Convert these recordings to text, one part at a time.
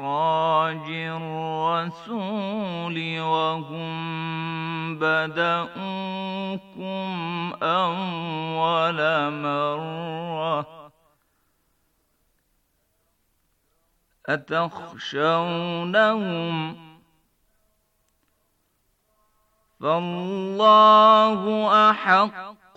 إخراج الرسول وهم بدأوكم أول مرة أتخشونهم فالله أحق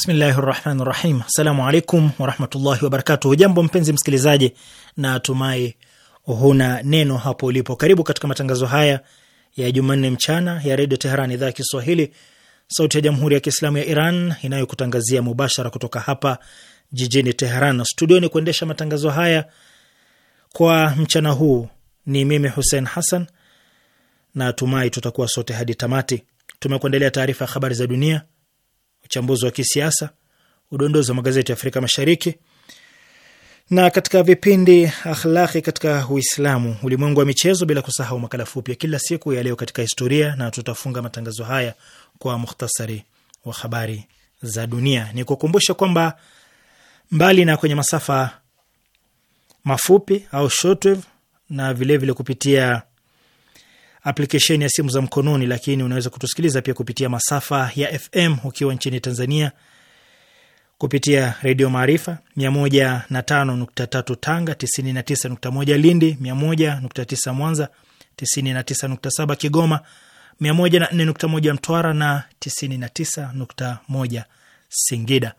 Bismillahi rahmani rahim. Assalamu alaikum warahmatullahi wabarakatuh. Jambo mpenzi msikilizaji, na tumai huna neno hapo ulipo. Karibu katika matangazo haya ya Jumanne mchana ya Redio Teheran, idhaa ya Kiswahili, sauti ya Jamhuri ya Kiislamu ya Iran inayokutangazia mubashara kutoka hapa jijini Teheran. Studioni kuendesha matangazo haya kwa mchana huu ni mimi Hussein Hassan, na tumai tutakuwa sote hadi tamati. Tumekuendelea taarifa ya habari za dunia uchambuzi wa kisiasa, udondozi wa magazeti ya Afrika Mashariki, na katika vipindi akhlaki katika Uislamu, ulimwengu wa michezo, bila kusahau makala fupi ya kila siku ya leo katika historia, na tutafunga matangazo haya kwa muhtasari wa habari za dunia. Ni kukumbusha kwamba mbali na kwenye masafa mafupi au shortwave na vilevile vile kupitia aplikesheni ya simu za mkononi, lakini unaweza kutusikiliza pia kupitia masafa ya FM ukiwa nchini Tanzania kupitia Redio Maarifa 105.3 Tanga, 99.1 Lindi, 101.9 Mwanza, 99.7 Kigoma, 104.1 Mtwara na 99.1 Singida.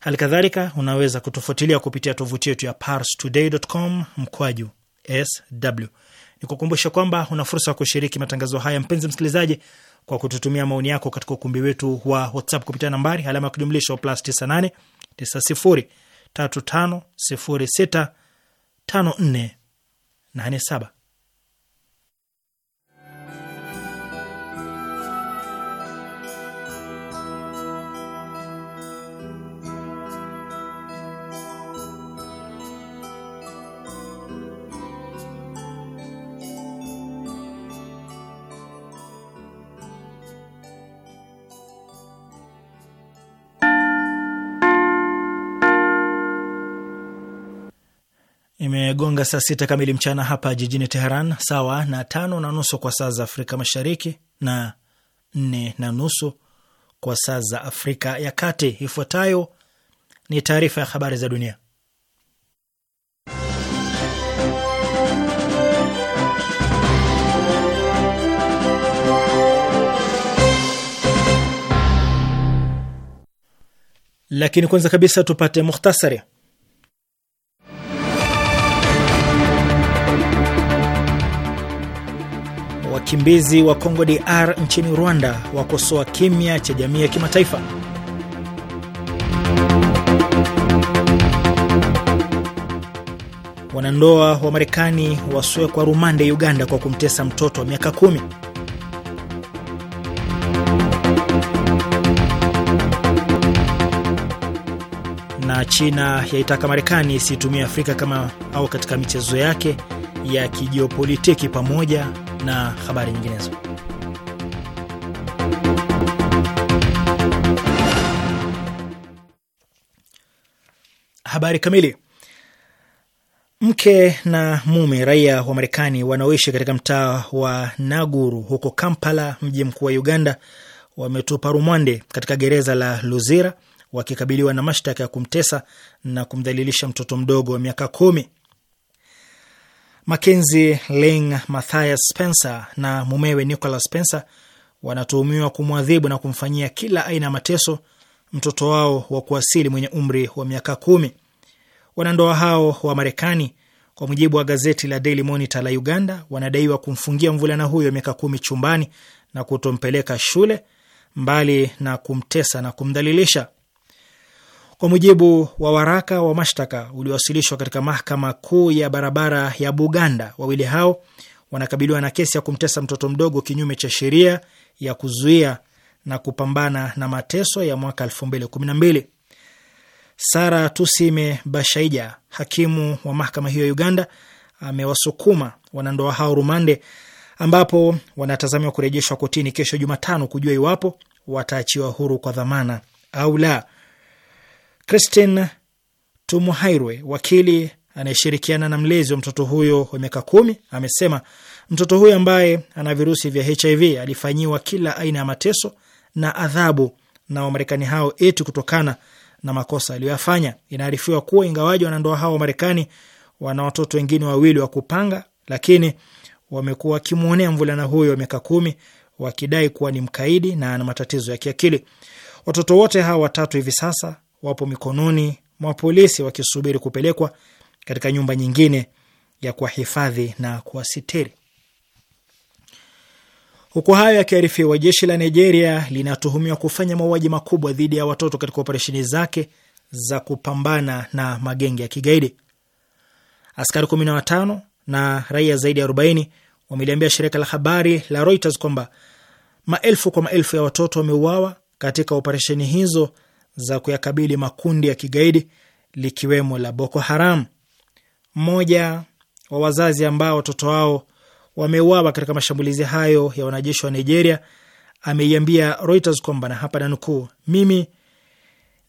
Hali kadhalika unaweza kutufuatilia kupitia tovuti yetu ya parstoday.com mkwaju sw Nikukumbusha kwamba una fursa ya kushiriki matangazo haya, mpenzi msikilizaji, kwa kututumia maoni yako katika ukumbi wetu wa WhatsApp kupitia nambari alama ya kujumlisha plus 98 90 35 54 87. Zimegonga saa sita kamili mchana hapa jijini Teheran, sawa na tano na nusu kwa saa za Afrika Mashariki na nne na nusu kwa saa za Afrika ya Kati. Ifuatayo ni taarifa ya habari za dunia, lakini kwanza kabisa tupate muhtasari. Wakimbizi wa Kongo DR nchini Rwanda wakosoa kimya cha jamii ya kimataifa. Wanandoa wa Marekani waswekwa rumande Uganda kwa kumtesa mtoto wa miaka kumi. Na China yaitaka Marekani isitumie Afrika kama au katika michezo yake ya kijiopolitiki pamoja na habari nyinginezo. Habari kamili. Mke na mume raia wa Marekani wanaoishi katika mtaa wa Naguru huko Kampala, mji mkuu wa Uganda, wametupa rumwande katika gereza la Luzira wakikabiliwa na mashtaka ya kumtesa na kumdhalilisha mtoto mdogo wa miaka kumi. Mackenzie Leng Mathias Spencer na mumewe Nicholas Spencer wanatuhumiwa kumwadhibu na kumfanyia kila aina ya mateso mtoto wao wa kuasili mwenye umri wa miaka kumi. Wanandoa hao wa Marekani, kwa mujibu wa gazeti la Daily Monitor la Uganda, wanadaiwa kumfungia mvulana huyo miaka kumi chumbani na kutompeleka shule, mbali na kumtesa na kumdhalilisha. Kwa mujibu wa waraka wa mashtaka uliowasilishwa katika mahakama kuu ya barabara ya Buganda, wawili hao wanakabiliwa na kesi ya kumtesa mtoto mdogo kinyume cha sheria ya kuzuia na kupambana na mateso ya mwaka 2012. Sara Tusime Bashaija, hakimu wa mahakama hiyo ya Uganda, amewasukuma wanandoa hao rumande, ambapo wanatazamiwa kurejeshwa kotini kesho Jumatano kujua iwapo wataachiwa huru kwa dhamana au la. Christine Tumuhairwe, wakili anayeshirikiana na mlezi wa mtoto huyo wa miaka kumi, amesema mtoto huyo ambaye ana virusi vya HIV alifanyiwa kila aina ya mateso na adhabu na Wamarekani hao eti kutokana na makosa aliyoyafanya. Inaarifiwa kuwa ingawaji wanandoa hao wamarekani wana watoto wengine wawili wa kupanga, lakini wamekuwa wakimwonea mvulana huyo wa miaka kumi wakidai kuwa ni mkaidi na ana matatizo ya kiakili. Watoto wote hawa watatu hivi sasa wapo mikononi mwa polisi wakisubiri kupelekwa katika nyumba nyingine ya kuwahifadhi na kuwasitiri. Huku hayo yakiarifiwa, jeshi la Nigeria linatuhumiwa kufanya mauaji makubwa dhidi ya watoto katika operesheni zake za kupambana na magenge ya kigaidi. Askari 15 na raia zaidi ya 40 wameliambia shirika la habari la Reuters kwamba maelfu kwa maelfu ya watoto wameuawa katika operesheni hizo za kuyakabili makundi ya kigaidi likiwemo la Boko Haram. Mmoja wa wazazi ambao watoto wao wameuawa katika mashambulizi hayo ya wanajeshi wa Nigeria ameiambia Reuters kwamba na hapa nanukuu, mimi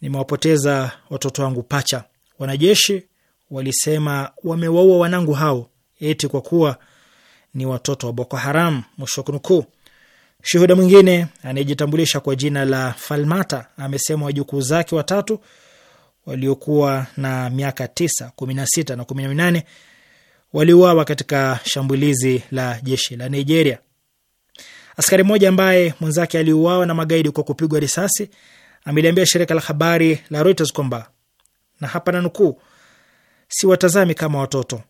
nimewapoteza watoto wangu pacha. Wanajeshi walisema wamewaua wanangu hao eti kwa kuwa ni watoto wa Boko Haram, mwisho wa kunukuu. Shuhuda mwingine anayejitambulisha kwa jina la Falmata amesema wajukuu zake watatu waliokuwa na miaka tisa, kumi na sita na kumi na minane waliuawa katika shambulizi la jeshi la Nigeria. Askari mmoja ambaye mwenzake aliuawa na magaidi kwa kupigwa risasi ameliambia shirika la habari la Reuters kwamba, na hapa na nukuu, watazami kama watoto,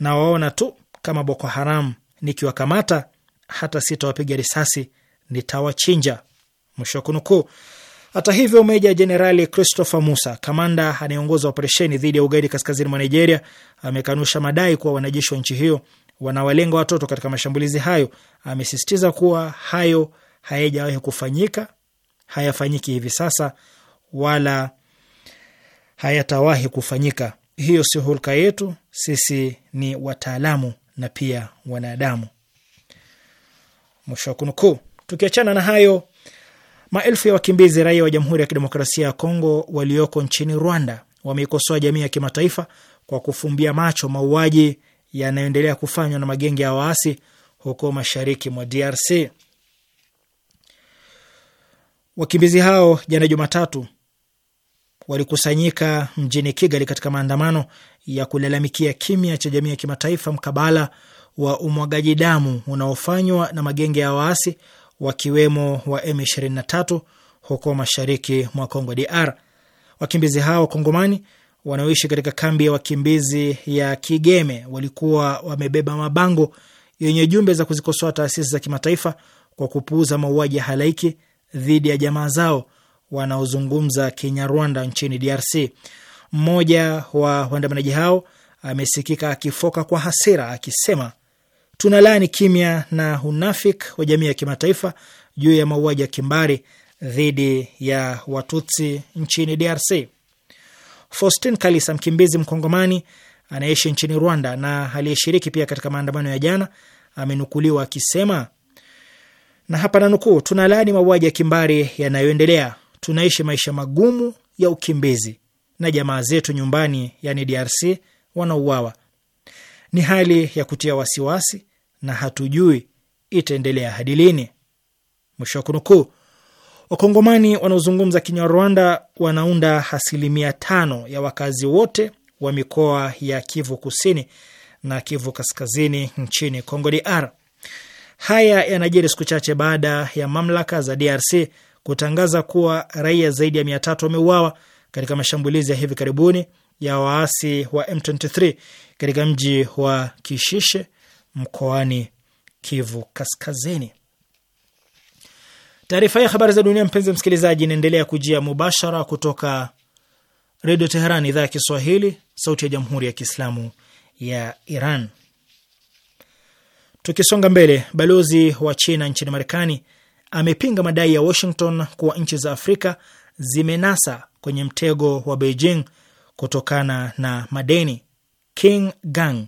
nawaona tu kama Boko Haram, nikiwakamata hata sitawapiga risasi, nitawachinja. Mwisho wa kunukuu. Hata hivyo, meja jenerali Christopher Musa, kamanda anayeongoza operesheni dhidi ya ugaidi kaskazini mwa Nigeria, amekanusha madai kuwa wanajeshi wa nchi hiyo wanawalenga watoto katika mashambulizi hayo. Amesisitiza kuwa hayo hayajawahi kufanyika, hayafanyiki hivi sasa, wala hayatawahi kufanyika. Hiyo si hulka yetu, sisi ni wataalamu na pia wanadamu. Mwisho wa kunukuu. Tukiachana na hayo, maelfu ya wakimbizi raia wa Jamhuri ya Kidemokrasia ya Kongo walioko nchini Rwanda wameikosoa jamii ya kimataifa kwa kufumbia macho mauaji yanayoendelea kufanywa na magenge ya waasi huko mashariki mwa DRC. Wakimbizi hao jana Jumatatu walikusanyika mjini Kigali katika maandamano ya kulalamikia kimya cha jamii ya kimataifa mkabala wa umwagaji damu unaofanywa na magenge ya waasi wakiwemo wa M23 huko mashariki mwa Kongo DR. Wakimbizi hao wakongomani wanaoishi katika kambi ya wakimbizi ya Kigeme walikuwa wamebeba mabango yenye jumbe za kuzikosoa taasisi za kimataifa kwa kupuuza mauaji ya halaiki dhidi ya jamaa zao wanaozungumza Kinyarwanda nchini DRC. Mmoja wa waandamanaji hao amesikika akifoka kwa hasira akisema tunalaani kimya na unafik wa jamii ya kimataifa juu ya mauaji ya kimbari dhidi ya Watutsi nchini DRC. Faustin Kalisa, mkimbizi mkongomani anayeishi nchini Rwanda na aliyeshiriki pia katika maandamano ya jana, amenukuliwa akisema, na hapa nanukuu, tunalaani mauaji ya kimbari yanayoendelea. Tunaishi maisha magumu ya ukimbizi na jamaa zetu nyumbani, yani DRC, wanauawa. Ni hali ya kutia wasiwasi na hatujui itaendelea hadi lini. Mwisho wa kunukuu. Wakongomani wanaozungumza Kinyarwanda wanaunda asilimia tano ya wakazi wote wa mikoa ya Kivu Kusini na Kivu Kaskazini nchini congo DR. Haya yanajiri siku chache baada ya mamlaka za DRC kutangaza kuwa raia zaidi ya mia tatu wameuawa katika mashambulizi ya hivi karibuni ya waasi wa M23 katika mji wa Kishishe mkoani Kivu Kaskazini. Taarifa ya habari za dunia, mpenzi msikilizaji, inaendelea kujia mubashara kutoka Redio Teheran, idhaa ya Kiswahili, sauti ya jamhuri ya kiislamu ya Iran. Tukisonga mbele, balozi wa China nchini Marekani amepinga madai ya Washington kuwa nchi za Afrika zimenasa kwenye mtego wa Beijing kutokana na madeni. King Gang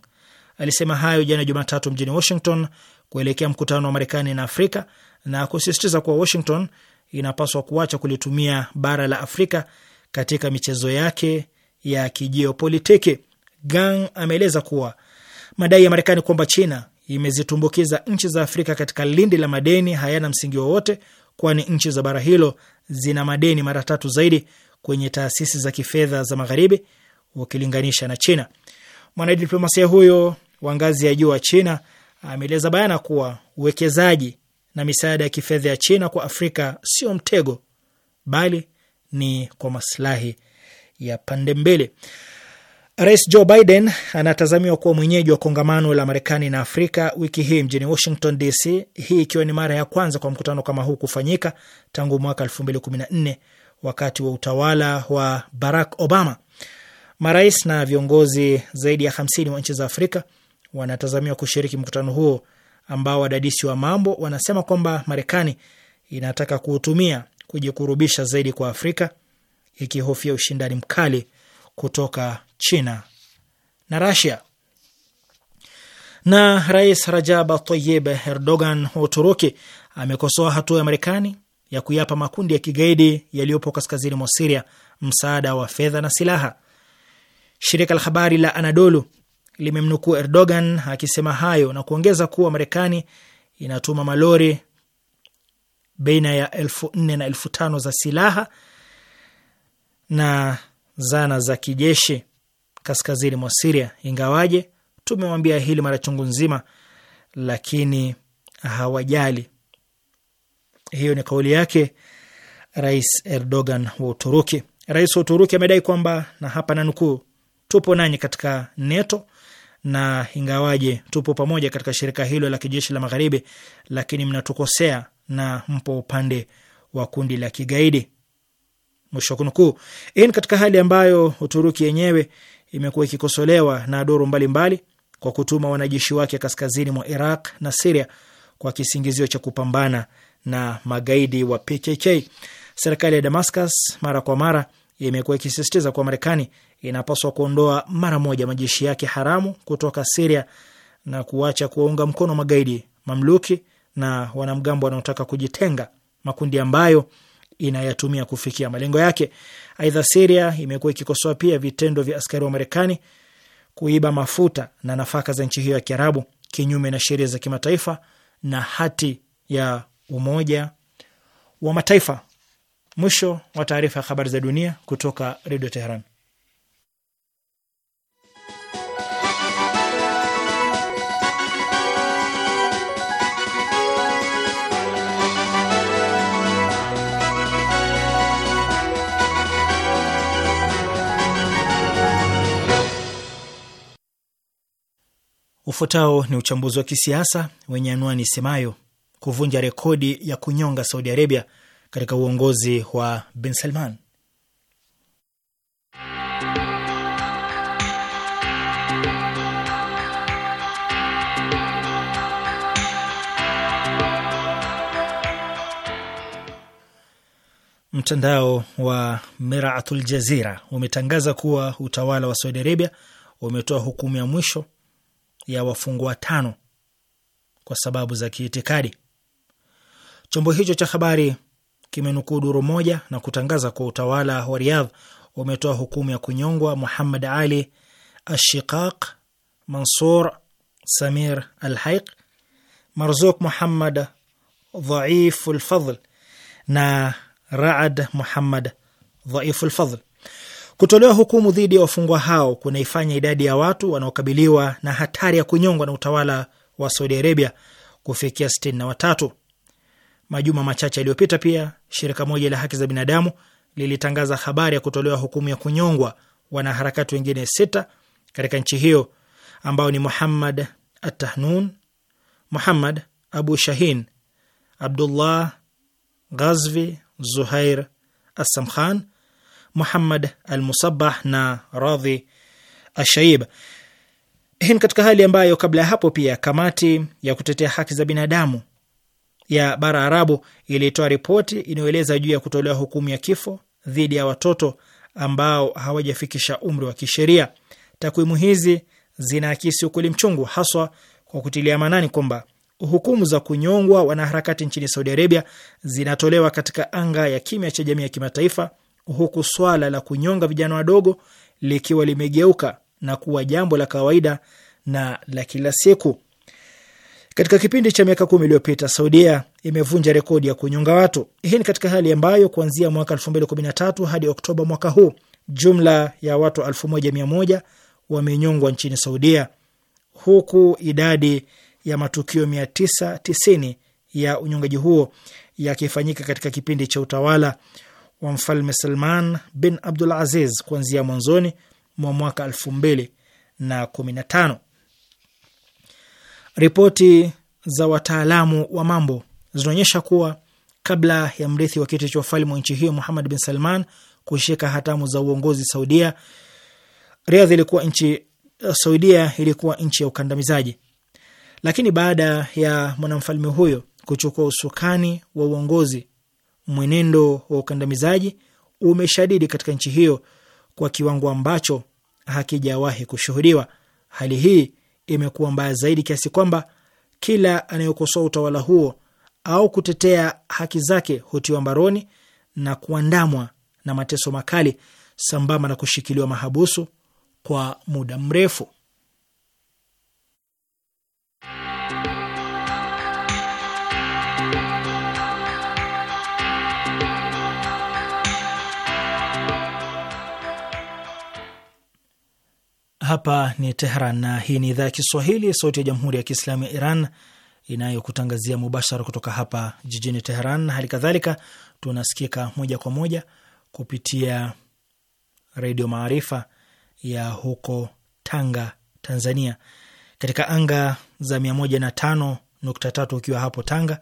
Alisema hayo jana Jumatatu mjini Washington kuelekea mkutano wa Marekani na Afrika na kusisitiza kuwa Washington inapaswa kuacha kulitumia bara la Afrika katika michezo yake ya kijiopolitiki. Gang ameeleza kuwa madai ya Marekani kwamba China imezitumbukiza nchi za Afrika katika lindi la madeni hayana msingi wowote, kwani nchi za bara hilo zina madeni mara tatu zaidi kwenye taasisi za kifedha za magharibi ukilinganisha na China. Mwanadiplomasia huyo wa ngazi ya juu wa China ameeleza bayana kuwa uwekezaji na misaada ya kifedha ya China kwa Afrika sio mtego, bali ni kwa maslahi ya pande mbili. Rais Joe Biden anatazamiwa kuwa mwenyeji wa kongamano la Marekani na Afrika wiki hii mjini Washington DC, hii ikiwa ni mara ya kwanza kwa mkutano kama huu kufanyika tangu mwaka 2014 wakati wa utawala wa Barack Obama. Marais na viongozi zaidi ya 50 wa nchi za Afrika wanatazamiwa kushiriki mkutano huo ambao wadadisi wa mambo wanasema kwamba Marekani inataka kuutumia kujikurubisha zaidi kwa Afrika ikihofia ushindani mkali kutoka China na Rasia. Na Rais Rajab Tayyib Erdogan wa Uturuki amekosoa hatua ya Marekani ya kuyapa makundi ya kigaidi yaliyopo kaskazini mwa Siria msaada wa fedha na silaha. Shirika la habari la Anadolu limemnukuu Erdogan akisema hayo na kuongeza kuwa Marekani inatuma malori baina ya elfu nne na elfu tano za silaha na zana za kijeshi kaskazini mwa Siria, ingawaje tumewambia hili mara chungu nzima, lakini hawajali. Hiyo ni kauli yake Rais Erdogan wa Uturuki. Rais wa Uturuki amedai kwamba, na hapa nanukuu, tupo nanyi katika NATO na ingawaje tupo pamoja katika shirika hilo la kijeshi la Magharibi, lakini mnatukosea na mpo upande wa kundi la kigaidi. Mwisho kunukuu. Hii ni katika hali ambayo Uturuki yenyewe imekuwa ikikosolewa na doru mbalimbali kwa kutuma wanajeshi wake kaskazini mwa Iraq na Siria kwa kisingizio cha kupambana na magaidi wa PKK. Serikali ya Damascus mara kwa mara imekuwa ikisisitiza kuwa Marekani inapaswa kuondoa mara moja majeshi yake haramu kutoka Siria na kuacha kuwaunga mkono magaidi, mamluki na wanamgambo wanaotaka kujitenga, makundi ambayo inayatumia kufikia malengo yake. Aidha, Siria imekuwa ikikosoa pia vitendo vya askari wa Marekani kuiba mafuta na nafaka za nchi hiyo ya Kiarabu kinyume na sheria za kimataifa na hati ya Umoja wa Mataifa. Mwisho wa taarifa ya habari za dunia kutoka Redio Teheran. Ufuatao ni uchambuzi wa kisiasa wenye anwani semayo kuvunja rekodi ya kunyonga Saudi Arabia katika uongozi wa Bin Salman. Mtandao wa Miraatul Jazira umetangaza kuwa utawala wa Saudi Arabia umetoa hukumu ya mwisho ya wafungwa watano kwa sababu za kiitikadi. Chombo hicho cha habari kimenukuu duru moja na kutangaza kuwa utawala wa Riyadh umetoa hukumu ya kunyongwa Muhammad Ali Ashiqaq, Mansur Samir Alhaiq, Marzuk Muhammad Dhaifu Lfadl na Raad Muhammad Dhaifu Lfadhl. Kutolewa hukumu dhidi ya wafungwa hao kunaifanya idadi ya watu wanaokabiliwa na hatari ya kunyongwa na utawala wa Saudi Arabia kufikia sitini na watatu. Majuma machache yaliyopita, pia shirika moja la haki za binadamu lilitangaza habari ya kutolewa hukumu ya kunyongwa wanaharakati wengine sita katika nchi hiyo ambao ni Muhammad Atahnun, Muhammad Abu Shahin, Abdullah Ghazvi, Zuhair Assamkhan, Muhammad Al Musabah na Radhi Ashaib. Hii ni katika hali ambayo kabla ya hapo pia kamati ya kutetea haki za binadamu ya bara Arabu ilitoa ripoti inayoeleza juu ya kutolewa hukumu ya kifo dhidi ya watoto ambao hawajafikisha umri wa kisheria. Takwimu hizi zinaakisi ukweli mchungu, haswa kwa kutilia maanani kwamba hukumu za kunyongwa wanaharakati nchini Saudi Arabia zinatolewa katika anga ya kimya cha jamii ya kimataifa, huku swala la kunyonga vijana wadogo likiwa limegeuka na kuwa jambo la kawaida na la kila siku. Katika kipindi cha miaka kumi iliyopita Saudia imevunja rekodi ya kunyonga watu. Hii ni katika hali ambayo kuanzia mwaka 2013 hadi Oktoba mwaka huu jumla ya watu 1100 wamenyongwa nchini Saudia, huku idadi ya matukio 990 ya unyongaji huo yakifanyika katika kipindi cha utawala wa Mfalme Salman bin Abdul Aziz kuanzia mwanzoni mwa mwaka 2015. Ripoti za wataalamu wa mambo zinaonyesha kuwa kabla ya mrithi wa kiti cha ufalme wa nchi hiyo Muhammad bin Salman kushika hatamu za uongozi Saudia, Riadh ilikuwa nchi Saudia ilikuwa nchi ya ukandamizaji, lakini baada ya mwanamfalme huyo kuchukua usukani wa uongozi, mwenendo wa ukandamizaji umeshadidi katika nchi hiyo kwa kiwango ambacho hakijawahi kushuhudiwa. Hali hii imekuwa mbaya zaidi kiasi kwamba kila anayekosoa utawala huo au kutetea haki zake hutiwa mbaroni na kuandamwa na mateso makali sambamba na kushikiliwa mahabusu kwa muda mrefu. Hapa ni Tehran na hii ni idhaa ya Kiswahili, sauti ya jamhuri ya kiislamu ya Iran inayokutangazia mubashara kutoka hapa jijini Teheran. Hali kadhalika tunasikika moja kwa moja kupitia Redio Maarifa ya huko Tanga, Tanzania, katika anga za 105.3 ukiwa hapo Tanga,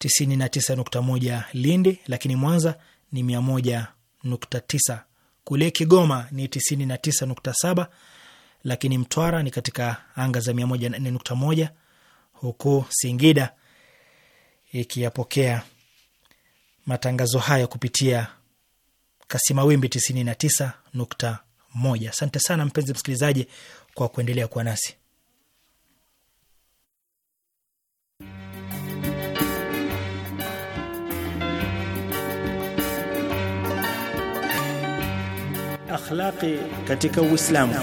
99.1 Lindi, lakini Mwanza ni 101.9 kule Kigoma ni 99.7, lakini Mtwara ni katika anga za 104.1, huku Singida ikiyapokea matangazo haya kupitia kasimawimbi 99.1. Asante sana mpenzi msikilizaji kwa kuendelea kuwa nasi. akhlaqi katika Uislamu.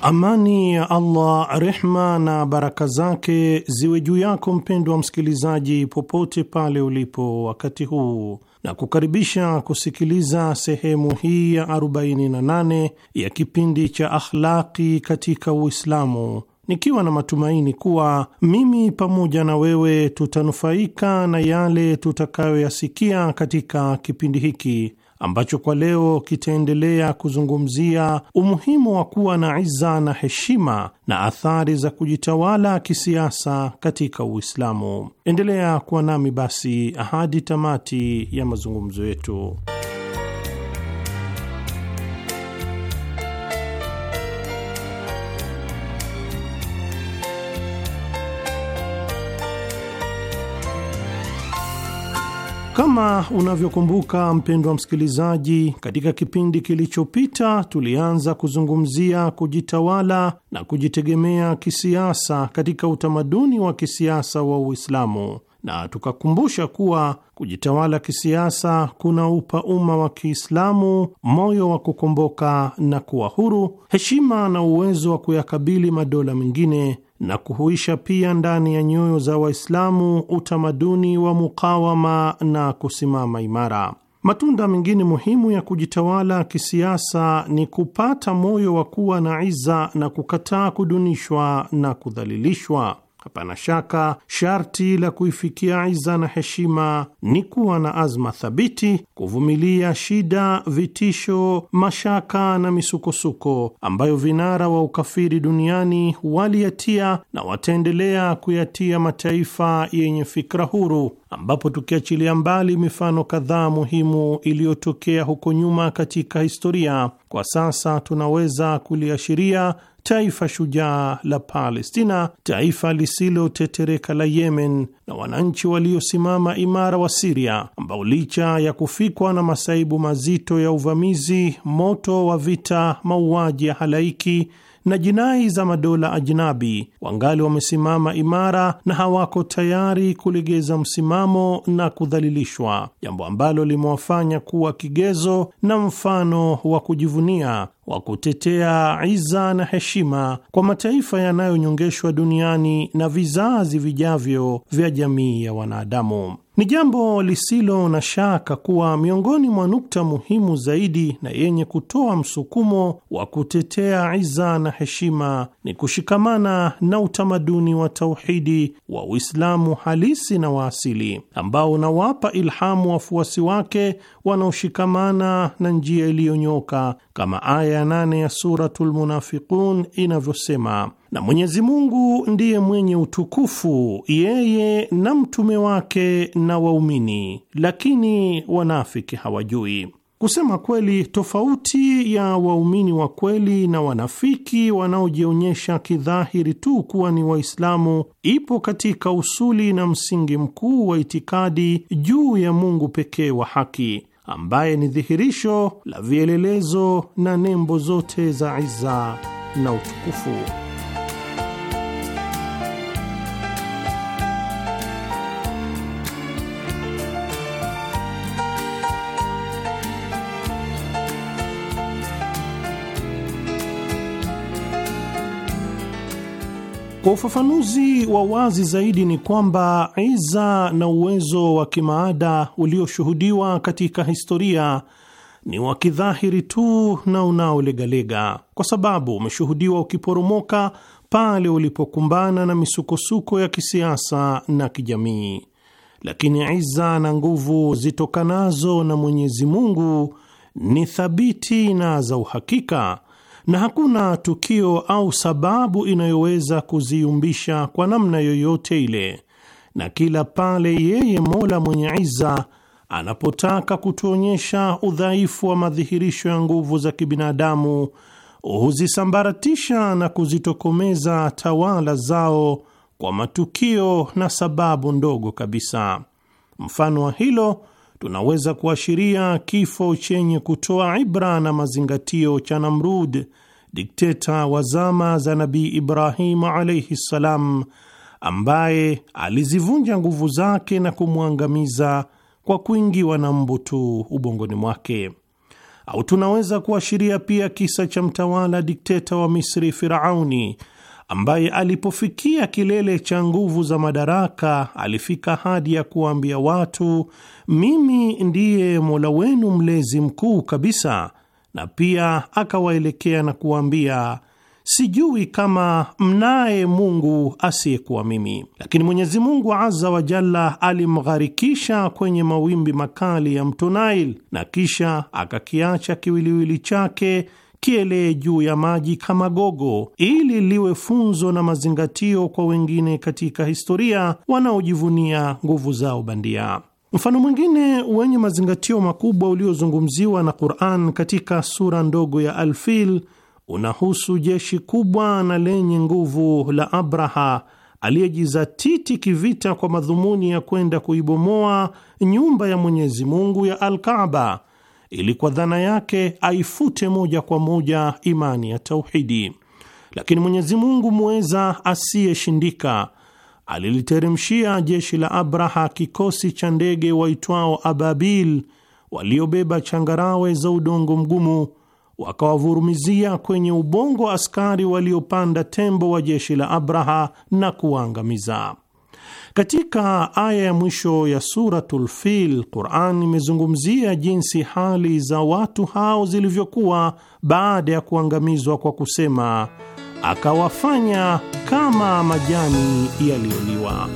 Amani ya Allah, rehma na baraka zake ziwe juu yako mpendwa msikilizaji, popote pale ulipo wakati huu na kukaribisha kusikiliza sehemu hii ya 48 ya kipindi cha akhlaqi katika Uislamu nikiwa na matumaini kuwa mimi pamoja na wewe tutanufaika na yale tutakayoyasikia katika kipindi hiki ambacho kwa leo kitaendelea kuzungumzia umuhimu wa kuwa na iza na heshima na athari za kujitawala kisiasa katika Uislamu. Endelea kuwa nami basi hadi tamati ya mazungumzo yetu. Kama unavyokumbuka mpendwa msikilizaji, katika kipindi kilichopita tulianza kuzungumzia kujitawala na kujitegemea kisiasa katika utamaduni wa kisiasa wa Uislamu, na tukakumbusha kuwa kujitawala kisiasa kuna upa umma wa Kiislamu moyo wa kukomboka na kuwa huru, heshima na uwezo wa kuyakabili madola mengine na kuhuisha pia ndani ya nyoyo za Waislamu utamaduni wa mukawama na kusimama imara. Matunda mengine muhimu ya kujitawala kisiasa ni kupata moyo wa kuwa na iza na kukataa kudunishwa na kudhalilishwa Hapana shaka sharti la kuifikia iza na heshima ni kuwa na azma thabiti, kuvumilia shida, vitisho, mashaka na misukosuko ambayo vinara wa ukafiri duniani waliyatia na wataendelea kuyatia mataifa yenye fikra huru, ambapo tukiachilia mbali mifano kadhaa muhimu iliyotokea huko nyuma katika historia, kwa sasa tunaweza kuliashiria taifa shujaa la Palestina, taifa lisilotetereka la Yemen na wananchi waliosimama imara wa Siria, ambao licha ya kufikwa na masaibu mazito ya uvamizi, moto wa vita, mauaji ya halaiki na jinai za madola ajnabi wangali wamesimama imara na hawako tayari kulegeza msimamo na kudhalilishwa, jambo ambalo limewafanya kuwa kigezo na mfano wa kujivunia wa kutetea iza na heshima kwa mataifa yanayonyongeshwa duniani na vizazi vijavyo vya jamii ya wanadamu. Ni jambo lisilo na shaka kuwa miongoni mwa nukta muhimu zaidi na yenye kutoa msukumo wa kutetea iza na heshima ni kushikamana na utamaduni wa tauhidi wa Uislamu halisi na waasili ambao unawapa ilhamu wafuasi wake wanaoshikamana na njia iliyonyoka kama aya ya nane ya Suratul Munafiqun inavyosema: na Mwenyezi Mungu ndiye mwenye utukufu, yeye na mtume wake na waumini, lakini wanafiki hawajui. Kusema kweli, tofauti ya waumini wa kweli na wanafiki wanaojionyesha kidhahiri tu kuwa ni Waislamu ipo katika usuli na msingi mkuu wa itikadi juu ya Mungu pekee wa haki ambaye ni dhihirisho la vielelezo na nembo zote za iza na utukufu. Kwa ufafanuzi wa wazi zaidi ni kwamba iza na uwezo wa kimaada ulioshuhudiwa katika historia ni wa kidhahiri tu na unaolegalega, kwa sababu umeshuhudiwa ukiporomoka pale ulipokumbana na misukosuko ya kisiasa na kijamii. Lakini iza na nguvu zitokanazo na Mwenyezi Mungu ni thabiti na za uhakika na hakuna tukio au sababu inayoweza kuziumbisha kwa namna yoyote ile, na kila pale yeye Mola mwenye iza anapotaka kutuonyesha udhaifu wa madhihirisho ya nguvu za kibinadamu huzisambaratisha na kuzitokomeza tawala zao kwa matukio na sababu ndogo kabisa. Mfano wa hilo tunaweza kuashiria kifo chenye kutoa ibra na mazingatio cha Namrud, dikteta wa zama za Nabii Ibrahimu alaihi ssalam, ambaye alizivunja nguvu zake na kumwangamiza kwa kuingiwa na mbu tu ubongoni mwake. Au tunaweza kuashiria pia kisa cha mtawala dikteta wa Misri Firauni ambaye alipofikia kilele cha nguvu za madaraka alifika hadi ya kuwaambia watu, mimi ndiye Mola wenu mlezi mkuu kabisa, na pia akawaelekea na kuwaambia Sijui kama mnaye Mungu asiyekuwa mimi. Lakini Mwenyezi Mungu azza wa jalla alimgharikisha kwenye mawimbi makali ya mto Nile na kisha akakiacha kiwiliwili chake kielee juu ya maji kama gogo, ili liwe funzo na mazingatio kwa wengine katika historia wanaojivunia nguvu zao bandia. Mfano mwingine wenye mazingatio makubwa uliozungumziwa na Qur'an katika sura ndogo ya alfil unahusu jeshi kubwa na lenye nguvu la Abraha aliyejizatiti kivita kwa madhumuni ya kwenda kuibomoa nyumba ya Mwenyezi Mungu ya alkaba ili kwa dhana yake aifute moja kwa moja imani ya tauhidi, lakini Mwenyezi Mungu asiyeshindika aliliteremshia jeshi la Abraha kikosi cha ndege waitwao ababil waliobeba changarawe za udongo mgumu, wakawavurumizia kwenye ubongo askari waliopanda tembo wa jeshi la Abraha na kuwaangamiza. Katika aya ya mwisho ya Suratul Fil, Quran imezungumzia jinsi hali za watu hao zilivyokuwa baada ya kuangamizwa kwa kusema, akawafanya kama majani yaliyoliwa.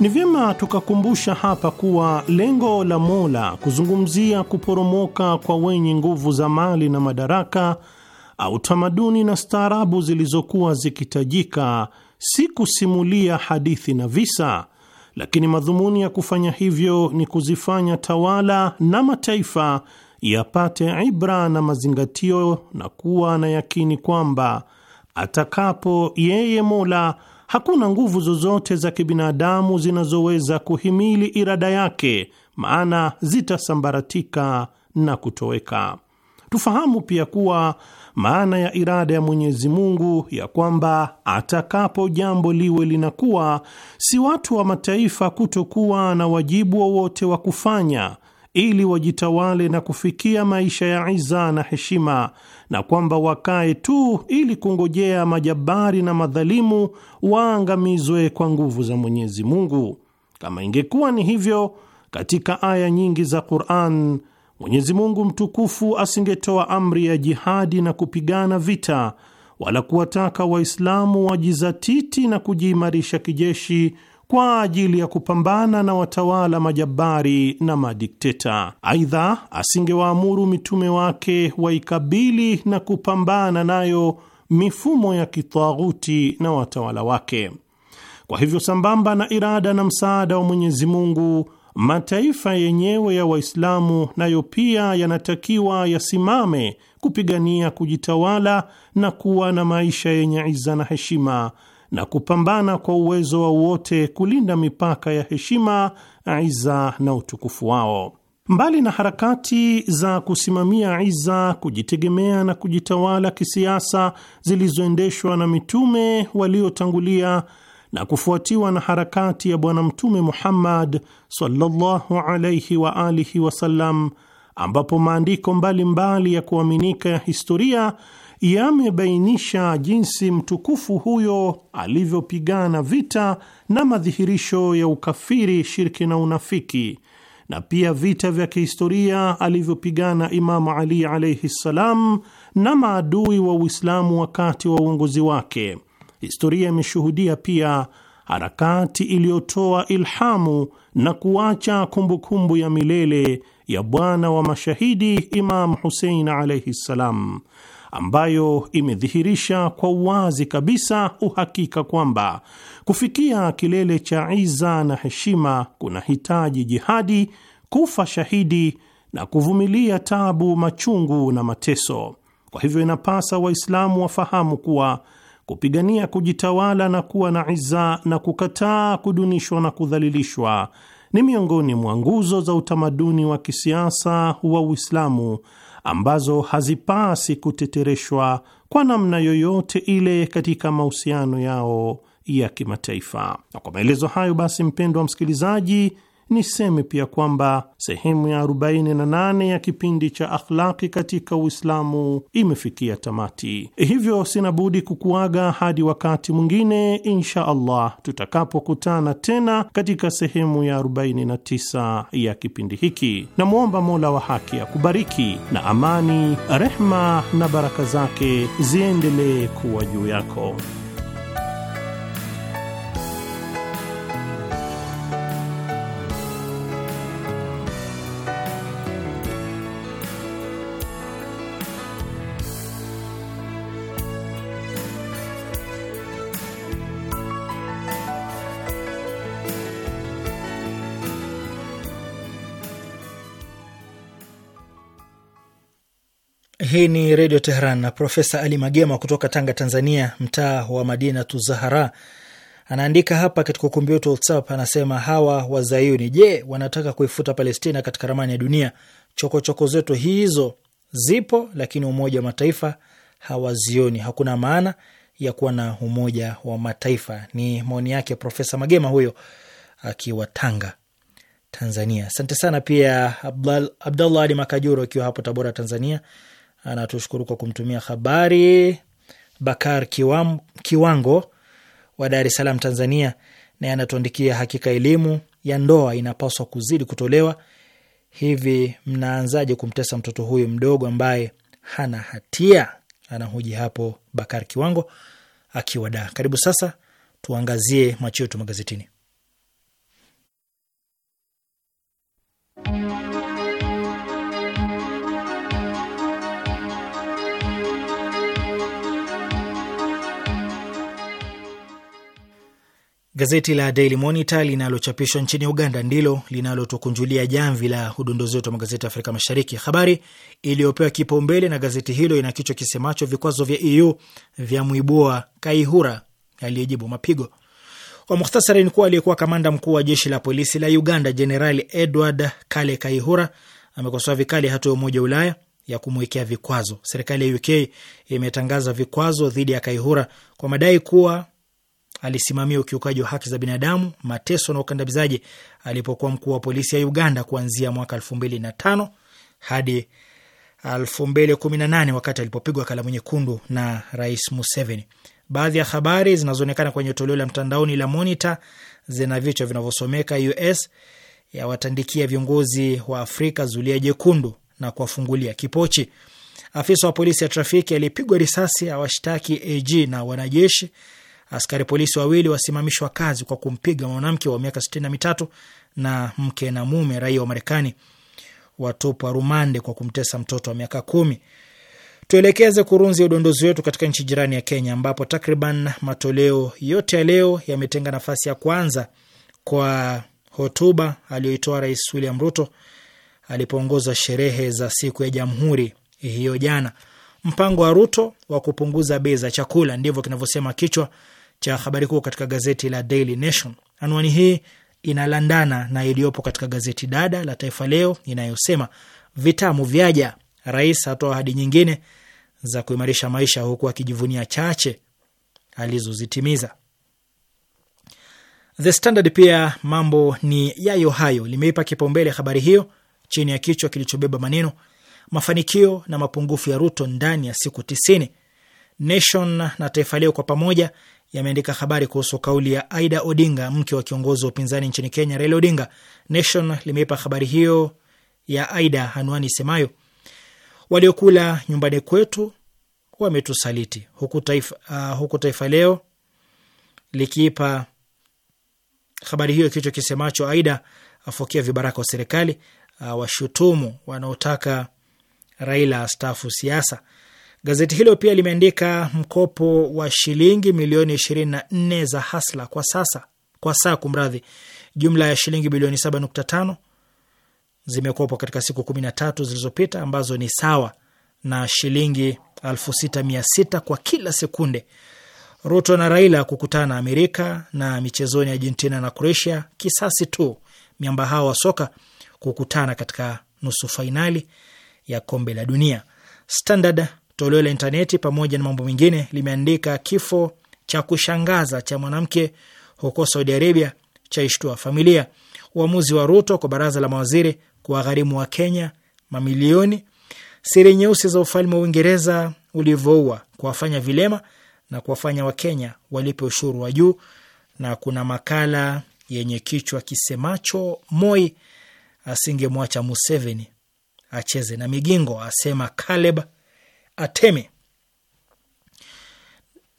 Ni vyema tukakumbusha hapa kuwa lengo la Mola kuzungumzia kuporomoka kwa wenye nguvu za mali na madaraka au tamaduni na staarabu zilizokuwa zikitajika, si kusimulia hadithi na visa, lakini madhumuni ya kufanya hivyo ni kuzifanya tawala na mataifa yapate ibra na mazingatio na kuwa na yakini kwamba atakapo yeye Mola hakuna nguvu zozote za kibinadamu zinazoweza kuhimili irada yake, maana zitasambaratika na kutoweka. Tufahamu pia kuwa maana ya irada ya Mwenyezi Mungu ya kwamba atakapo jambo liwe linakuwa, si watu wa mataifa kutokuwa na wajibu wowote wa, wa kufanya ili wajitawale na kufikia maisha ya iza na heshima na kwamba wakae tu ili kungojea majabari na madhalimu waangamizwe kwa nguvu za Mwenyezi Mungu. Kama ingekuwa ni hivyo, katika aya nyingi za Qur'an Mwenyezi Mungu mtukufu asingetoa amri ya jihadi na kupigana vita wala kuwataka Waislamu wajizatiti na kujiimarisha kijeshi kwa ajili ya kupambana na watawala majabari na madikteta. Aidha, asingewaamuru mitume wake waikabili na kupambana nayo mifumo ya kitaghuti na watawala wake. Kwa hivyo, sambamba na irada na msaada wa Mwenyezi Mungu, mataifa yenyewe ya Waislamu nayo pia yanatakiwa yasimame kupigania kujitawala na kuwa na maisha yenye iza na heshima na kupambana kwa uwezo wa wote kulinda mipaka ya heshima, iza na utukufu wao. Mbali na harakati za kusimamia iza, kujitegemea na kujitawala kisiasa zilizoendeshwa na mitume waliotangulia na kufuatiwa na harakati ya Bwana Mtume Muhammad sallallahu wa alihi wasallam, ambapo maandiko mbalimbali ya kuaminika ya historia yamebainisha jinsi mtukufu huyo alivyopigana vita na madhihirisho ya ukafiri, shirki na unafiki, na pia vita vya kihistoria alivyopigana Imamu Ali alaihi ssalam na maadui wa Uislamu wakati wa uongozi wake. Historia imeshuhudia pia harakati iliyotoa ilhamu na kuacha kumbukumbu ya milele ya bwana wa mashahidi Imam Husein alaihi ssalam ambayo imedhihirisha kwa uwazi kabisa uhakika kwamba kufikia kilele cha iza na heshima kuna hitaji jihadi, kufa shahidi na kuvumilia tabu, machungu na mateso. Kwa hivyo inapasa Waislamu wafahamu kuwa kupigania kujitawala na kuwa na iza na kukataa kudunishwa na kudhalilishwa ni miongoni mwa nguzo za utamaduni wa kisiasa wa Uislamu ambazo hazipasi kutetereshwa kwa namna yoyote ile katika mahusiano yao ya kimataifa. Na kwa maelezo hayo basi, mpendwa msikilizaji Niseme pia kwamba sehemu ya 48 ya kipindi cha akhlaki katika Uislamu imefikia tamati, hivyo sina budi kukuaga hadi wakati mwingine insha Allah, tutakapokutana tena katika sehemu ya 49 ya kipindi hiki. Namwomba Mola wa haki akubariki, na amani, rehma na baraka zake ziendelee kuwa juu yako. Hii ni Redio Tehran na Profesa Ali Magema kutoka Tanga, Tanzania, mtaa wa Madina Tuzahara anaandika hapa katika ukumbi wetu wa WhatsApp. Anasema hawa Wazayuni, je, wanataka kuifuta Palestina katika ramani ya dunia? Chokochoko zetu hizo zipo, lakini Umoja wa Mataifa hawazioni. Hakuna maana ya kuwa na Umoja wa Mataifa. Ni maoni yake Profesa Magema huyo akiwa Tanga, Tanzania. Asante sana pia Abdallah Ali Makajuro akiwa hapo Tabora, Tanzania anatushukuru kwa kumtumia habari. Bakar Kiwam, Kiwango wa Dar es Salaam, Tanzania, naye anatuandikia hakika elimu ya ndoa inapaswa kuzidi kutolewa. Hivi mnaanzaje kumtesa mtoto huyu mdogo ambaye hana hatia? Anahoji hapo Bakar Kiwango akiwa da Karibu sasa tuangazie macho yetu magazetini. Gazeti la Daily Monitor linalochapishwa nchini Uganda ndilo linalotukunjulia jamvi la udondozi wetu wa magazeti ya Afrika Mashariki. Habari iliyopewa kipaumbele na gazeti hilo ina kichwa kisemacho vikwazo vya EU vya mwibua Kaihura aliyejibu mapigo. Kwa mukhtasari, ni kuwa aliyekuwa kamanda mkuu wa jeshi la polisi la Uganda Jenerali Edward Kale Kaihura amekosoa vikali hatua ya Umoja wa Ulaya ya kumwekea vikwazo. Serikali ya UK imetangaza vikwazo dhidi ya Kaihura kwa madai kuwa alisimamia ukiukaji wa haki za binadamu, mateso na ukandamizaji alipokuwa mkuu wa polisi ya Uganda kuanzia mwaka elfu mbili na tano hadi elfu mbili kumi na nane wakati alipopigwa kalamu nyekundu na Rais Museveni. Baadhi ya habari zinazoonekana kwenye toleo la mtandaoni la Monita zina vichwa vinavyosomeka US yawatandikia viongozi wa Afrika zulia jekundu na kuwafungulia kipochi. Afisa wa polisi ya trafiki alipigwa risasi awashtaki AG na wanajeshi Askari polisi wawili wasimamishwa kazi kwa kumpiga mwanamke wa miaka sitini na mitatu na mke na mume raia wa Marekani watupwa rumande kwa kumtesa mtoto wa miaka kumi. Tuelekeze kurunzi ya udondozi wetu katika nchi jirani ya Kenya, ambapo takriban matoleo yote ya leo yametenga nafasi ya kwanza kwa hotuba aliyoitoa Rais William Ruto alipoongoza sherehe za siku ya Jamhuri hiyo jana. Mpango wa Ruto wa kupunguza bei za chakula, ndivyo kinavyosema kichwa cha habari kuu katika gazeti la Daily Nation. Anwani hii inalandana na iliyopo katika gazeti dada la Taifa Leo inayosema vitamu vyaja, rais atoa ahadi nyingine za kuimarisha maisha, huku akijivunia chache alizozitimiza. The Standard pia mambo ni yayo hayo, limeipa kipaumbele habari hiyo chini ya kichwa kilichobeba maneno mafanikio na mapungufu ya Ruto ndani ya siku tisini. Nation na Taifa Leo kwa pamoja yameandika habari kuhusu kauli ya Aida Odinga, mke wa kiongozi wa upinzani nchini Kenya, Raila Odinga. Nation limeipa habari hiyo ya Aida anwani isemayo waliokula nyumbani kwetu wametusaliti, huku Taifa, uh, huku Taifa Leo likiipa habari hiyo kichwa kisemacho Aida afokia vibaraka wa serikali, uh, washutumu wanaotaka Raila astafu siasa. Gazeti hilo pia limeandika mkopo wa shilingi milioni ishirini na nne za Hasla kwa sasa kwa saa kumradhi, jumla ya shilingi bilioni saba nukta tano zimekopwa katika siku kumi na tatu zilizopita ambazo ni sawa na shilingi elfu sita mia sita kwa kila sekunde. Ruto na Raila kukutana Amerika na michezoni Argentina na Croatia kisasi tu miamba hao wa soka kukutana katika nusu fainali ya kombe la dunia. Standard toleo la intaneti, pamoja na mambo mengine, limeandika kifo cha kushangaza cha mwanamke huko Saudi Arabia cha ishtua familia, uamuzi wa Ruto kwa baraza la mawaziri kuwagharimu wa Kenya mamilioni, siri nyeusi za ufalme wa Uingereza ulivyoua kuwafanya vilema na kuwafanya Wakenya walipe ushuru wa juu, na kuna makala yenye kichwa kisemacho Moi asingemwacha Museveni acheze na Migingo, asema Caleb Ateme.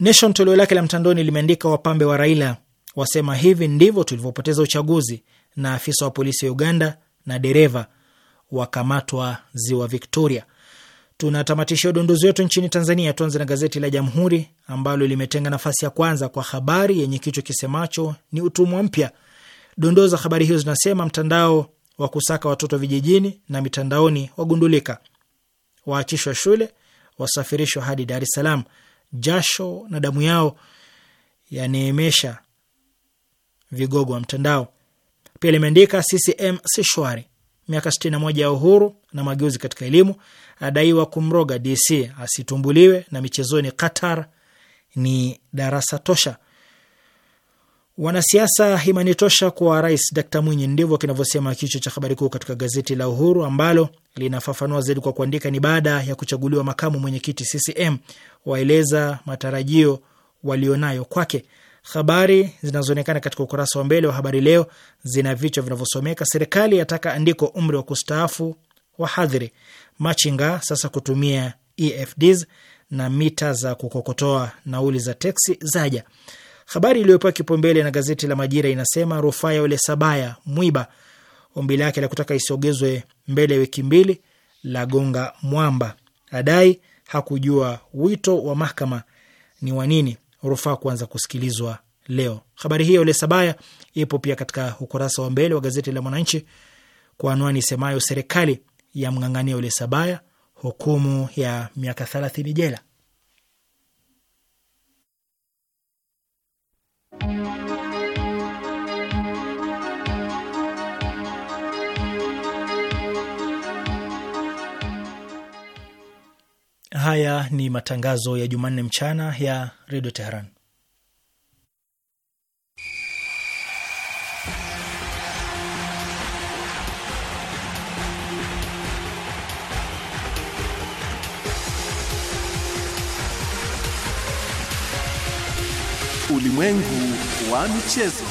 Nation toleo lake la mtandaoni limeandika wapambe wa Raila wasema hivi ndivyo tulivyopoteza uchaguzi, na afisa wa polisi wa Uganda na dereva wakamatwa ziwa Victoria. Tunatamatishia udondozi wetu nchini Tanzania. Tuanze na gazeti la Jamhuri ambalo limetenga nafasi ya kwanza kwa habari yenye kichwa kisemacho ni utumwa mpya. Dondoo za habari hiyo zinasema mtandao wa kusaka watoto vijijini na mitandaoni wagundulika, waachishwa shule, wasafirishwa hadi Dar es Salaam. Jasho na damu yao yaneemesha vigogo wa mtandao. Pia limeandika CCM si shwari, miaka 61 ya uhuru na mageuzi katika elimu, adaiwa kumroga DC, asitumbuliwe na michezoni Qatar ni darasa tosha. Wanasiasa imani tosha kwa rais Dkt Mwinyi, ndivyo kinavyosema kichwa cha habari kuu katika gazeti la Uhuru ambalo linafafanua zaidi kwa kuandika ni baada ya kuchaguliwa makamu mwenyekiti CCM, waeleza matarajio walionayo kwake. Habari zinazoonekana katika ukurasa wa mbele wa Habari Leo zina vichwa vinavyosomeka: serikali yataka andiko umri wa kustaafu wahadhiri, machinga sasa kutumia EFDs, na mita za kukokotoa nauli za teksi zaja. Habari iliyopewa kipaumbele na gazeti la Majira inasema rufaa ya ule Sabaya mwiba ombi lake la kutaka isogezwe mbele ya wiki mbili la gonga mwamba, adai hakujua wito wa mahakama ni wa nini, rufaa kuanza kusikilizwa leo. Habari hiyo ule Sabaya ipo pia katika ukurasa wa mbele wa gazeti la Mwananchi kwa anwani semayo serikali ya mng'ang'ania ule Sabaya hukumu ya miaka thelathini jela. Haya ni matangazo ya Jumanne mchana ya redio Teheran. Ulimwengu wa michezo.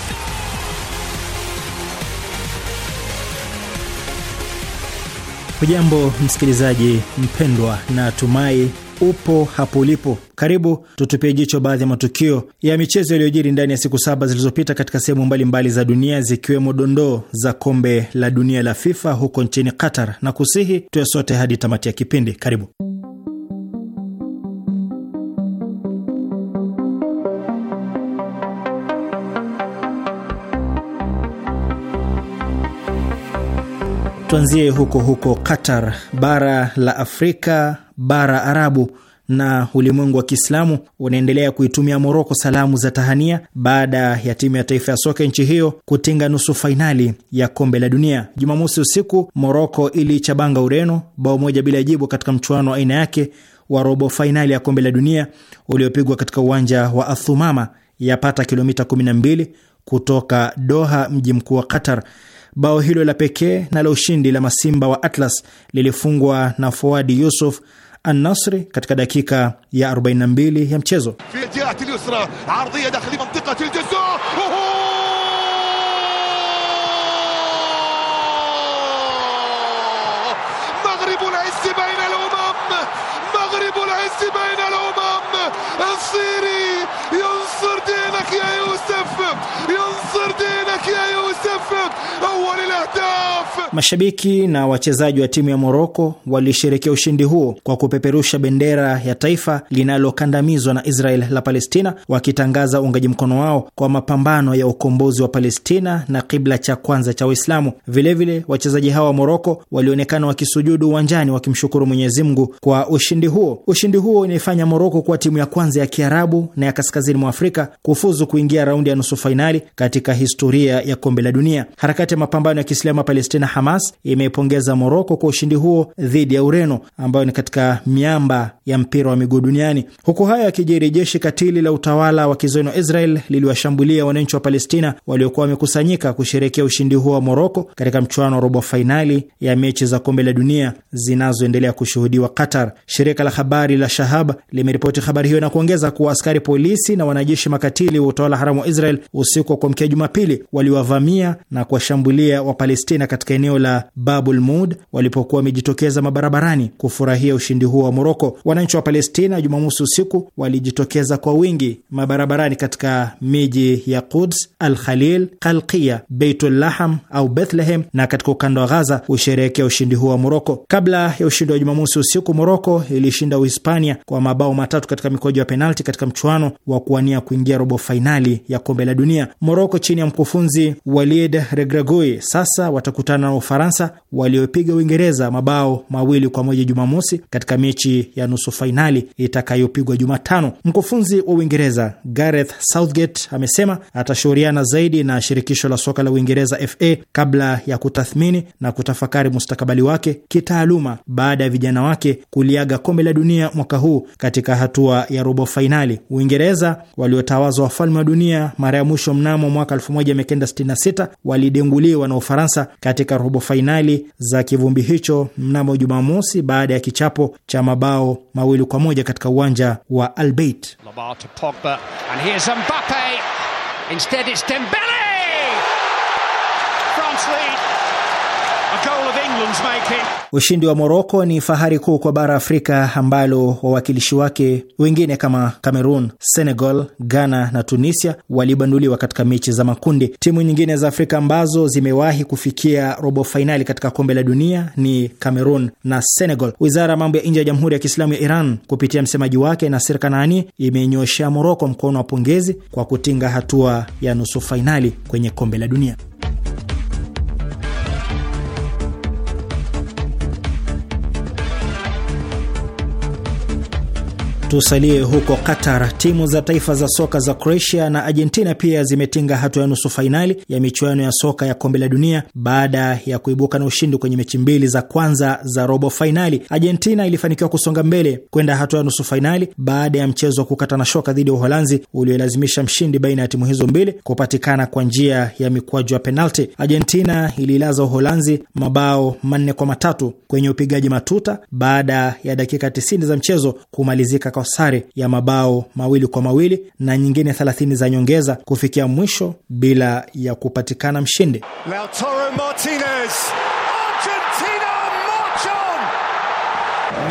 Hujambo msikilizaji mpendwa, na tumai upo hapo ulipo. Karibu tutupie jicho baadhi ya matukio ya michezo yaliyojiri ndani ya siku saba zilizopita katika sehemu mbalimbali za dunia, zikiwemo dondoo za kombe la dunia la FIFA huko nchini Qatar, na kusihi tuwe sote hadi tamati ya kipindi. Karibu. Tuanzie huko huko Qatar. Bara la Afrika, bara Arabu na ulimwengu wa Kiislamu unaendelea kuitumia Moroko salamu za tahania baada ya timu ya taifa ya soka nchi hiyo kutinga nusu fainali ya kombe la dunia. Jumamosi usiku, Moroko ilichabanga Ureno bao moja bila jibu katika mchuano wa aina yake wa robo fainali ya kombe la dunia uliopigwa katika uwanja wa Athumama yapata kilomita 12 kutoka Doha, mji mkuu wa Qatar. Bao hilo la pekee na la ushindi la masimba wa Atlas lilifungwa na Fuadi Yusuf anasri katika dakika ya 42 ya mchezo. Mashabiki na wachezaji wa timu ya Moroko walisherekea ushindi huo kwa kupeperusha bendera ya taifa linalokandamizwa na Israel la Palestina, wakitangaza uungaji mkono wao kwa mapambano ya ukombozi wa Palestina na kibla cha kwanza cha Waislamu. Vilevile, wachezaji hawa wa Moroko walionekana wakisujudu uwanjani wakimshukuru Mwenyezi Mungu kwa ushindi huo. Ushindi huo unaifanya Moroko kuwa timu ya kwanza ya Kiarabu na ya kaskazini mwa Afrika kufuzu kuingia raundi ya nusu fainali katika historia ya kombe la dunia. Harakati ya mapambano ya Kiislamu ya Palestina, Hamas, imeipongeza Moroko kwa ushindi huo dhidi ya Ureno, ambayo ni katika miamba ya mpira wa miguu duniani. Huku hayo yakijiri, jeshi katili la utawala wa kizayuni wa Israel liliwashambulia wananchi wa Palestina waliokuwa wamekusanyika kusherekea ushindi huo wa Moroko katika mchuano wa robo fainali ya mechi za kombe la dunia zinazoendelea kushuhudiwa Qatar. Shirika la habari la Shahab limeripoti habari hiyo na kuongeza kuwa askari polisi na wanajeshi makatili wa utawala haramu wa Israel Israel usiku wa kuamkia Jumapili waliwavamia na kuwashambulia Wapalestina katika eneo la Babul Mud walipokuwa wamejitokeza mabarabarani kufurahia ushindi huo wa Moroko. Wananchi wa Palestina Jumamosi usiku walijitokeza kwa wingi mabarabarani katika miji ya Quds, Al Khalil, Kalkia, Beitul Laham au Bethlehem na katika ukanda wa Ghaza husherehekea ushindi huo wa Moroko. Kabla ya ushindi wa Jumamosi usiku, Moroko ilishinda Uhispania kwa mabao matatu katika mikoja ya penalti katika mchuano wa kuwania kuingia robo fainali ya kombe la dunia. Moroko chini ya mkufunzi Walid Regragui sasa watakutana na Ufaransa waliopiga Uingereza mabao mawili kwa moja Jumamosi katika mechi ya nusu fainali itakayopigwa Jumatano. Mkufunzi wa Uingereza Gareth Southgate amesema atashauriana zaidi na shirikisho la soka la Uingereza FA kabla ya kutathmini na kutafakari mustakabali wake kitaaluma baada ya vijana wake kuliaga kombe la dunia mwaka huu katika hatua ya robo fainali. Uingereza waliotawazwa wafalme wa dunia mara mara ya mwisho mnamo mwaka 1966 walidenguliwa na Ufaransa katika robo fainali za kivumbi hicho mnamo Jumamosi baada ya kichapo cha mabao mawili kwa moja katika uwanja wa France lead. Ushindi wa Moroko ni fahari kuu kwa bara Afrika ambalo wawakilishi wake wengine kama Cameroon, Senegal, Ghana na Tunisia walibanduliwa katika mechi za makundi. Timu nyingine za Afrika ambazo zimewahi kufikia robo fainali katika kombe la dunia ni Cameroon na Senegal. Wizara ya mambo ya nje ya Jamhuri ya Kiislamu ya Iran kupitia msemaji wake Nasir Kanani imenyoshea Moroko mkono wa pongezi kwa kutinga hatua ya nusu fainali kwenye kombe la dunia. Tusalie huko Qatar. Timu za taifa za soka za Croatia na Argentina pia zimetinga hatua ya nusu fainali ya michuano ya soka ya kombe la dunia baada ya kuibuka na ushindi kwenye mechi mbili za kwanza za robo fainali. Argentina ilifanikiwa kusonga mbele kwenda hatua ya nusu fainali baada ya mchezo wa kukata na shoka dhidi ya Uholanzi uliolazimisha mshindi baina ya timu hizo mbili kupatikana kwa njia ya mikwaju ya penalti. Argentina ililaza Uholanzi mabao manne kwa matatu kwenye upigaji matuta baada ya dakika 90 za mchezo kumalizika kwa sare ya mabao mawili kwa mawili na nyingine 30 za nyongeza kufikia mwisho bila ya kupatikana mshindi. Lautaro Martinez, Argentina march on!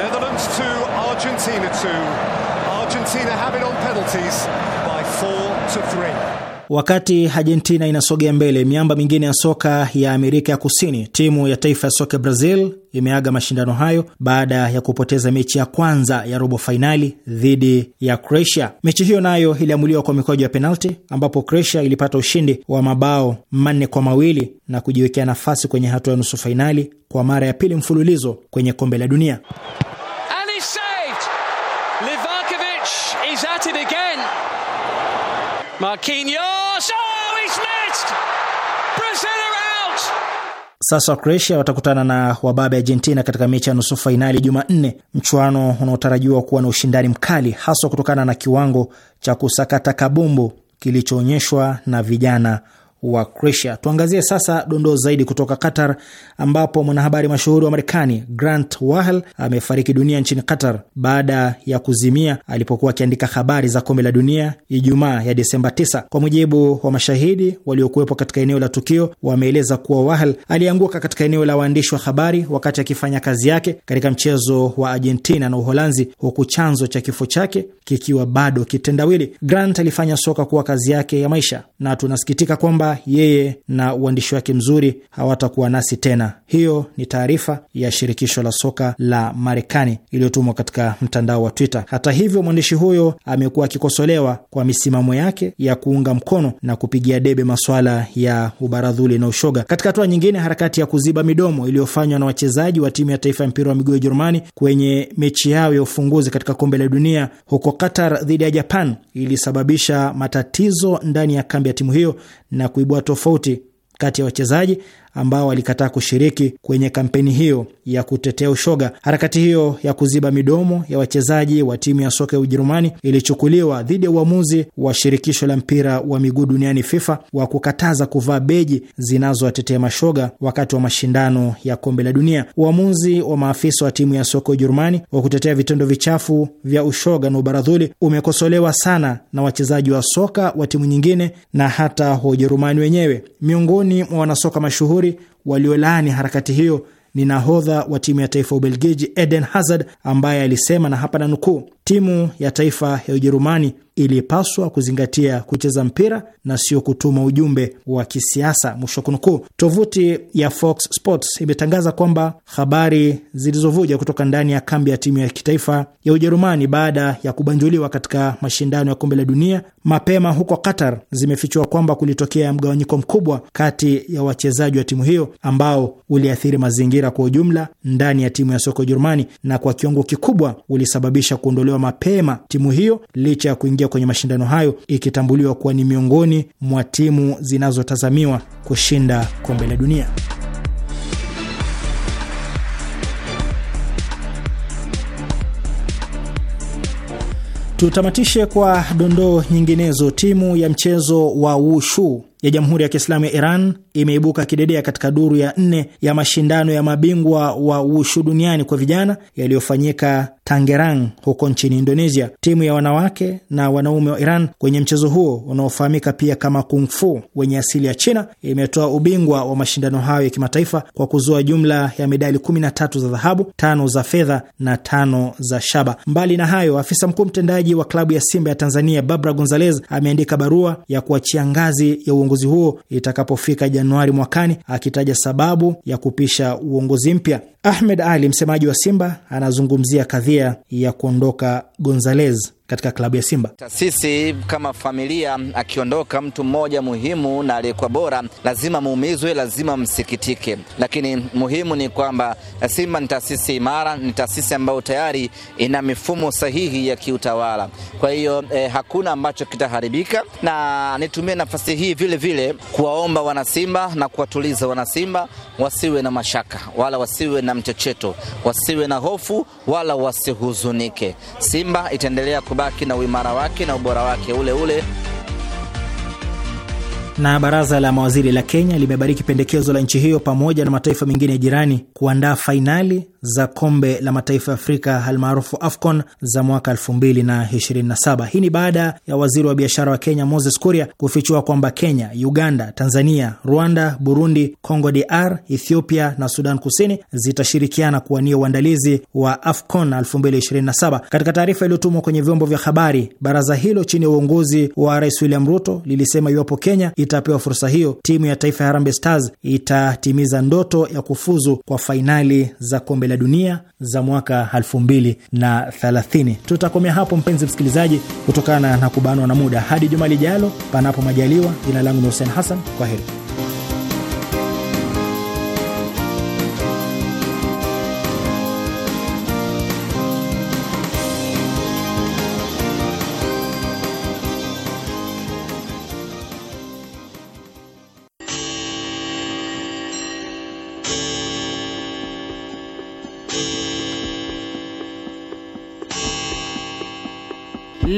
Netherlands 2, Argentina 2. Argentina have it on penalties by 4 to 3. Wakati Argentina inasogea mbele, miamba mingine ya soka ya Amerika ya Kusini, timu ya taifa ya soka Brazil imeaga mashindano hayo baada ya kupoteza mechi ya kwanza ya robo fainali dhidi ya Croatia. Mechi hiyo nayo iliamuliwa kwa mikwaju ya penalti, ambapo Croatia ilipata ushindi wa mabao manne kwa mawili na kujiwekea nafasi kwenye hatua ya nusu fainali kwa mara ya pili mfululizo kwenye kombe la dunia. Marquinhos Sasa Croatia watakutana na wababe Argentina katika mechi ya nusu fainali Jumanne, mchuano unaotarajiwa kuwa na ushindani mkali, haswa kutokana na kiwango cha kusakata kabumbu kilichoonyeshwa na vijana wa Croatia. Tuangazie sasa dondoo zaidi kutoka Qatar, ambapo mwanahabari mashuhuri wa Marekani Grant Wahl amefariki dunia nchini Qatar baada ya kuzimia alipokuwa akiandika habari za kombe la dunia Ijumaa ya Desemba 9. Kwa mujibu wa mashahidi waliokuwepo katika eneo la tukio, wameeleza kuwa Wahl alianguka katika eneo la waandishi wa habari wakati akifanya kazi yake katika mchezo wa Argentina na Uholanzi, huku chanzo cha kifo chake kikiwa bado kitendawili. Grant alifanya soka kuwa kazi yake ya maisha na tunasikitika kwamba yeye na uandishi wake mzuri hawatakuwa nasi tena. Hiyo ni taarifa ya shirikisho la soka la Marekani iliyotumwa katika mtandao wa Twitter. Hata hivyo, mwandishi huyo amekuwa akikosolewa kwa misimamo yake ya kuunga mkono na kupigia debe masuala ya ubaradhuli na ushoga. Katika hatua nyingine, harakati ya kuziba midomo iliyofanywa na wachezaji wa timu ya taifa ya mpira wa miguu ya Ujerumani kwenye mechi yao ya ufunguzi katika kombe la dunia huko Qatar dhidi ya Japan ilisababisha matatizo ndani ya kambi ya timu hiyo na kuibua tofauti kati ya wachezaji ambao walikataa kushiriki kwenye kampeni hiyo ya kutetea ushoga. Harakati hiyo ya kuziba midomo ya wachezaji wa timu ya soka ya Ujerumani ilichukuliwa dhidi ya uamuzi wa shirikisho la mpira wa miguu duniani FIFA wa kukataza kuvaa beji zinazowatetea mashoga wakati wa mashindano ya kombe la dunia. Uamuzi wa maafisa wa timu ya soka ya Ujerumani wa kutetea vitendo vichafu vya ushoga na ubaradhuli umekosolewa sana na wachezaji wa soka wa timu nyingine na hata wa Ujerumani wenyewe. Miongoni mwa wanasoka mashuhuri mashuhuri waliolaani harakati hiyo ni nahodha wa timu ya taifa ya Ubelgiji Eden Hazard ambaye alisema, na hapa na nukuu, timu ya taifa ya Ujerumani ilipaswa kuzingatia kucheza mpira na sio kutuma ujumbe wa kisiasa, mwisho kunukuu. Tovuti ya Fox Sports imetangaza kwamba habari zilizovuja kutoka ndani ya kambi ya timu ya kitaifa ya Ujerumani baada ya kubanjuliwa katika mashindano ya kombe la dunia mapema huko Qatar zimefichua kwamba kulitokea mgawanyiko mkubwa kati ya wachezaji wa timu hiyo ambao uliathiri mazingira kwa ujumla ndani ya timu ya soka Ujerumani na kwa kiwango kikubwa ulisababisha kuondolewa mapema timu hiyo licha ya kuingia kuingia kwenye mashindano hayo ikitambuliwa kuwa ni miongoni mwa timu zinazotazamiwa kushinda kombe la dunia. Tutamatishe kwa dondoo nyinginezo. Timu ya mchezo wa wushu ya Jamhuri ya Kiislamu ya Iran imeibuka kidedea katika duru ya nne ya mashindano ya mabingwa wa wushu duniani kwa vijana yaliyofanyika Tangerang huko nchini Indonesia. Timu ya wanawake na wanaume wa Iran kwenye mchezo huo unaofahamika pia kama kung fu wenye asili ya China imetoa ubingwa wa mashindano hayo ya kimataifa kwa kuzoa jumla ya medali 13 za dhahabu, tano za fedha na tano za shaba. Mbali na hayo, afisa mkuu mtendaji wa klabu ya Simba ya Tanzania Babra Gonzalez ameandika barua ya kuachia ngazi ya uongozi uchaguzi huo itakapofika Januari mwakani, akitaja sababu ya kupisha uongozi mpya. Ahmed Ali, msemaji wa Simba, anazungumzia kadhia ya kuondoka Gonzalez katika klabu ya Simba. Sisi kama familia, akiondoka mtu mmoja muhimu na aliyekuwa bora, lazima muumizwe, lazima msikitike, lakini muhimu ni kwamba Simba ni taasisi imara, ni taasisi ambayo tayari ina mifumo sahihi ya kiutawala. Kwa hiyo eh, hakuna ambacho kitaharibika, na nitumie nafasi hii vile vile kuwaomba wanasimba na kuwatuliza wanasimba, wasiwe na mashaka wala wasiwe na mchecheto, wasiwe na hofu wala wasihuzunike. Simba itaendelea atabaki na uimara wake na ubora wake ule ule na baraza la mawaziri la Kenya limebariki pendekezo la nchi hiyo pamoja na mataifa mengine jirani kuandaa fainali za kombe la mataifa ya Afrika almaarufu AFCON za mwaka 2027. Hii ni baada ya waziri wa biashara wa Kenya Moses Kuria kufichua kwamba Kenya, Uganda, Tanzania, Rwanda, Burundi, Congo DR, Ethiopia na Sudan Kusini zitashirikiana kuwania uandalizi wa AFCON 2027. Katika taarifa iliyotumwa kwenye vyombo vya habari, baraza hilo chini ya uongozi wa Rais William Ruto lilisema iwapo Kenya itapewa fursa hiyo, timu ya taifa ya Harambee Stars itatimiza ndoto ya kufuzu kwa fainali za kombe la dunia za mwaka 2030. Tutakomea hapo mpenzi msikilizaji, kutokana na kubanwa na muda. Hadi juma lijalo, panapo majaliwa. Jina langu ni Hussein Hassan, kwa heri.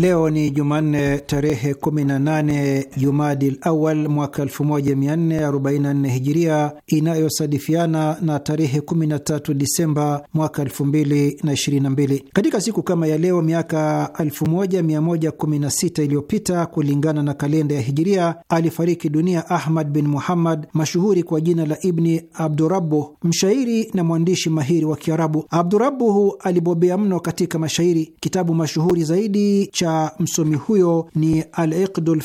Leo ni Jumanne tarehe 18 Jumadil Awal mwaka 1444 Hijiria, inayosadifiana na tarehe 13 Disemba mwaka 2022. Katika siku kama ya leo miaka 1116 iliyopita kulingana na kalenda ya Hijiria, alifariki dunia Ahmad bin Muhammad, mashuhuri kwa jina la Ibni Abdurabu, mshairi na mwandishi mahiri wa Kiarabu. Abdurabu alibobea mno katika mashairi. Kitabu mashuhuri zaidi cha cha msomi huyo ni Al-Iqdul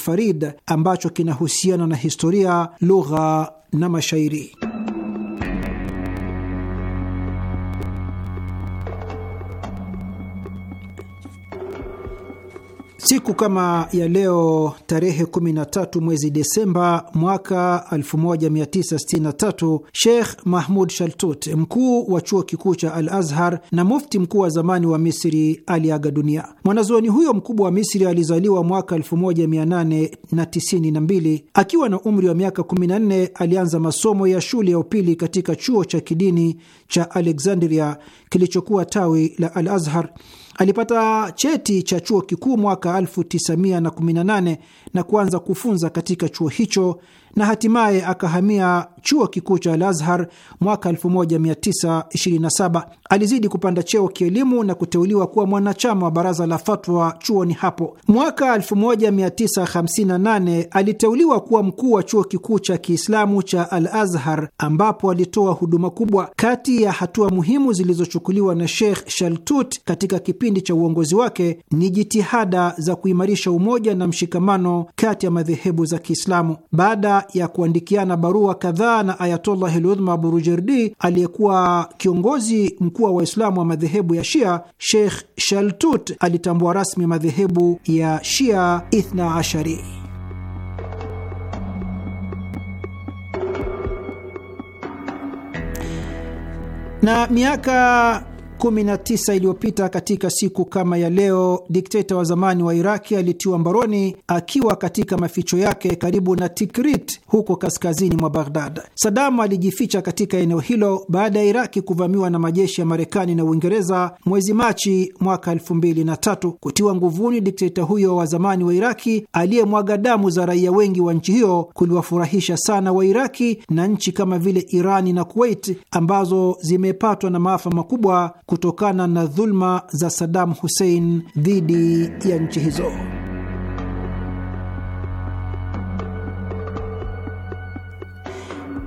ambacho kinahusiana na historia, lugha na mashairi. Siku kama ya leo tarehe 13 mwezi Desemba mwaka 1963 Sheikh Mahmud Shaltut, mkuu wa chuo kikuu cha Al Azhar na mufti mkuu wa zamani wa Misri, aliaga dunia. Mwanazuoni huyo mkubwa wa Misri alizaliwa mwaka 1892. Akiwa na umri wa miaka 14, alianza masomo ya shule ya upili katika chuo cha kidini cha Alexandria kilichokuwa tawi la Al Azhar. Alipata cheti cha chuo kikuu mwaka 1918 na kuanza kufunza katika chuo hicho na hatimaye akahamia chuo kikuu cha Al-Azhar mwaka 1927. Alizidi kupanda cheo kielimu na kuteuliwa kuwa mwanachama wa baraza la fatwa chuoni hapo. Mwaka 1958 aliteuliwa kuwa mkuu wa chuo kikuu cha Kiislamu cha Al-Azhar ambapo alitoa huduma kubwa. Kati ya hatua muhimu zilizochukuliwa na Sheikh Shaltut katika kipindi cha uongozi wake ni jitihada za kuimarisha umoja na mshikamano kati ya madhehebu za Kiislamu. Baada ya kuandikiana barua kadhaa na Ayatollah Ludhma Burujerdi aliyekuwa kiongozi mkuu wa Waislamu wa madhehebu ya Shia, Sheikh Shaltut alitambua rasmi madhehebu ya Shia Ithna Ashari. Na miaka 19 iliyopita katika siku kama ya leo, dikteta wa zamani wa Iraki alitiwa mbaroni akiwa katika maficho yake karibu na Tikrit huko kaskazini mwa Baghdad. Sadamu alijificha katika eneo hilo baada ya Iraki kuvamiwa na majeshi ya Marekani na Uingereza mwezi Machi mwaka 2003. Kutiwa nguvuni dikteta huyo wa zamani wa Iraki aliyemwaga damu za raia wengi wa nchi hiyo kuliwafurahisha sana Wairaki na nchi kama vile Irani na Kuwait ambazo zimepatwa na maafa makubwa kutokana na dhulma za Saddam Hussein dhidi ya nchi hizo.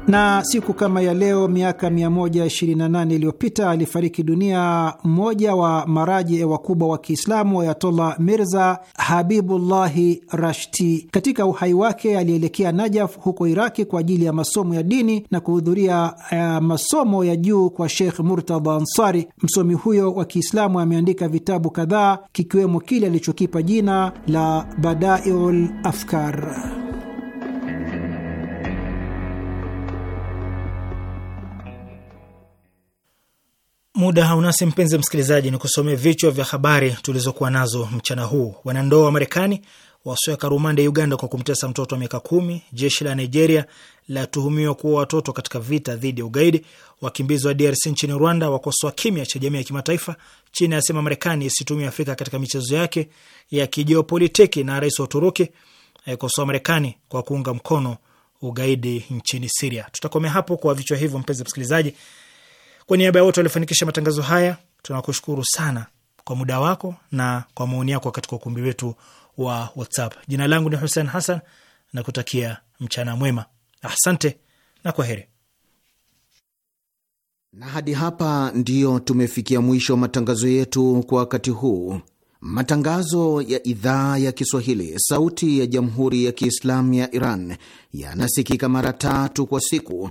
na siku kama ya leo miaka 128 iliyopita alifariki dunia mmoja wa maraji wakubwa wa Kiislamu, Ayatollah Mirza Habibullahi Rashti. Katika uhai wake alielekea Najaf huko Iraki kwa ajili ya masomo ya dini na kuhudhuria uh, masomo ya juu kwa Sheikh Murtadha Ansari. Msomi huyo wa Kiislamu ameandika vitabu kadhaa, kikiwemo kile alichokipa jina la Badaiul Afkar. muda haunasi, mpenzi msikilizaji, ni kusomea vichwa vya habari tulizokuwa nazo mchana huu. Wanandoa wa Marekani wasweka rumande ya Uganda kwa kumtesa mtoto wa miaka kumi. Jeshi la Nigeria latuhumiwa kuua watoto katika vita dhidi ya ugaidi. Wakimbizi wa DRC nchini Rwanda wakosoa kimya cha jamii ya kimataifa. China yasema Marekani isitumia Afrika katika michezo yake ya kijiopolitiki, na rais wa Uturuki aikosoa Marekani kwa kuunga mkono ugaidi nchini Siria. Tutakomea hapo kwa vichwa hivyo, mpenzi msikilizaji. Kwa niaba ya wote waliofanikisha matangazo haya, tunakushukuru sana kwa muda wako na kwa maoni yako katika ukumbi wetu wa WhatsApp. Jina langu ni Hussein Hassan na kutakia mchana mwema. Asante na kwa heri. Na hadi hapa ndiyo tumefikia mwisho wa matangazo yetu kwa wakati huu. Matangazo ya idhaa ya Kiswahili, sauti ya jamhuri ya kiislamu ya Iran yanasikika mara tatu kwa siku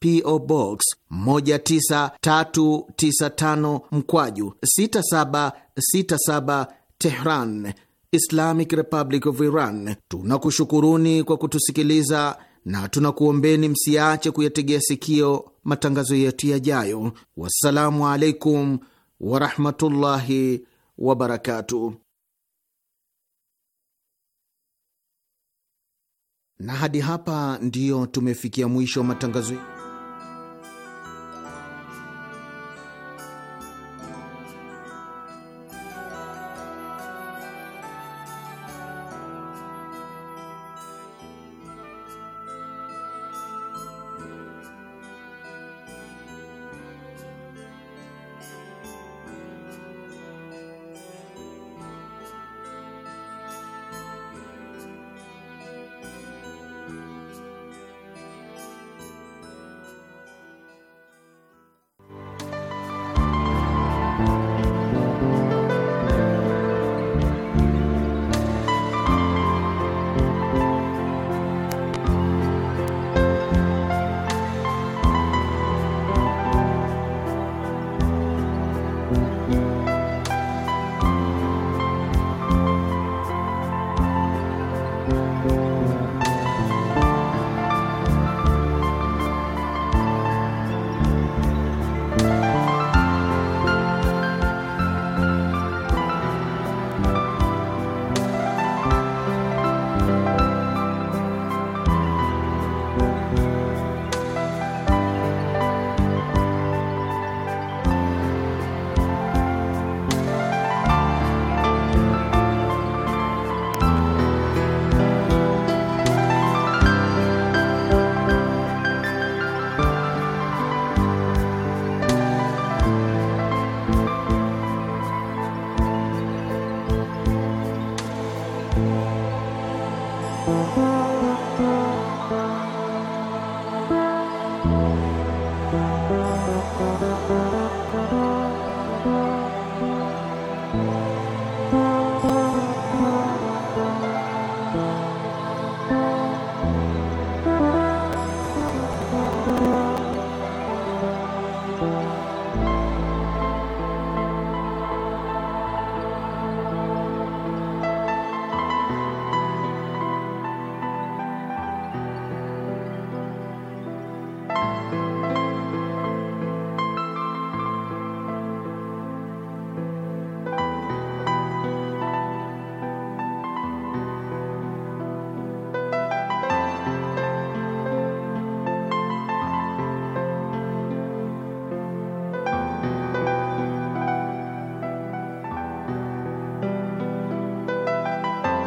PO Box 19395 mkwaju 6767 Tehran, Islamic Republic of Iran. Tunakushukuruni kwa kutusikiliza na tunakuombeni msiache kuyategea sikio matangazo yetu yajayo. Wassalamu alaikum warahmatullahi wabarakatuh. Na hadi hapa ndiyo tumefikia mwisho wa matangazo.